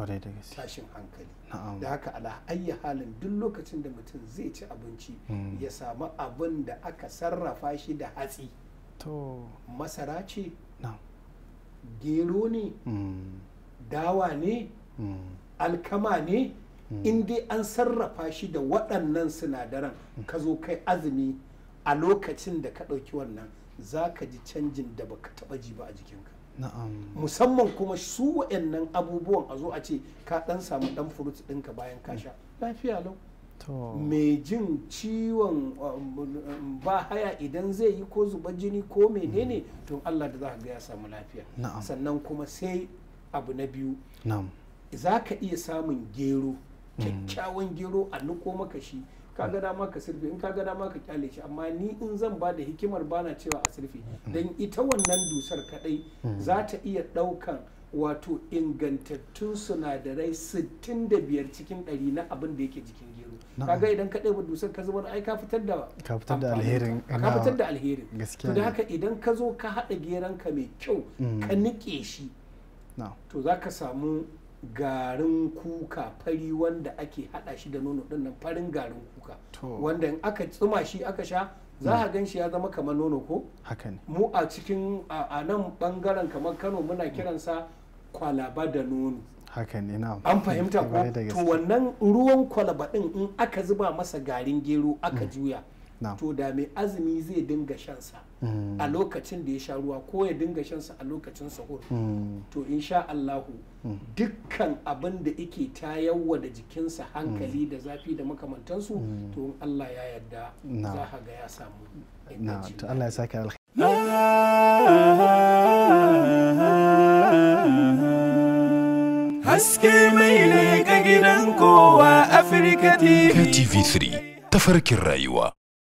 kwarai da gaske tashin hankali da haka ala ayyi halin duk lokacin da mutum zai ci abinci hmm. ya samu abin da aka sarrafa shi da hatsi to masara ce gero ne hmm. dawa ne hmm. alkama ne in dai an sarrafa shi da waɗannan sinadaran ka zo kai azumi a lokacin da ka ɗauki wannan za ka ji canjin da baka taɓa ji ba a jikinka musamman kuma su wa'annan abubuwan a zo a ce ka dan samu dan furut ɗinka bayan ka sha lafiya lau mai jin ciwon um, um, ba haya idan zai yi ko zuba jini ko menene mm. tun Allah da za ka ga ya samu lafiya sannan kuma sai abu na biyu za ka iya samun gero mm. kyakkyawan gero a niko maka shi ka ga dama ka sirfi in ka ga dama ka kyale shi amma ni in zan ba da hikimar bana cewa a sirfi don ita wannan dusar kadai hmm. za ta iya daukan wato ingantattun sinadarai 65 cikin 100 na abin da yake jikin gero kaga idan ka ɗaya dusar ka zubar ai ka fitar da ka fitar da alherin ka fitar da alherin to da haka idan ka zo ka haɗa geron ka mai kyau ka hmm. niƙe shi to za ka samu garin kuka fari wanda ake hada shi da nono din farin garin kuka wanda in aka tsuma shi aka sha za a mm. gan shi ya zama kamar nono ko mu a cikin a nan bangaren kamar kano muna mm. kiransa kwalaba da nono hakan na an fahimta ko to wannan ruwan kwalaba din in aka zuba masa garin gero aka mm. juya to da mai azumi zai dinga shansa a mm. lokacin da ya sha ruwa ko ya dinga shansa a lokacin sahur mm. to insha Allahu mm. dukkan abin da yake tayarwa da jikinsa hankali da zafi da makamantansu to in Allah ya yarda za ka ga ya samu haske mai ne ga gidan kowa Afirka TV. KTV3 tafarkin rayuwa.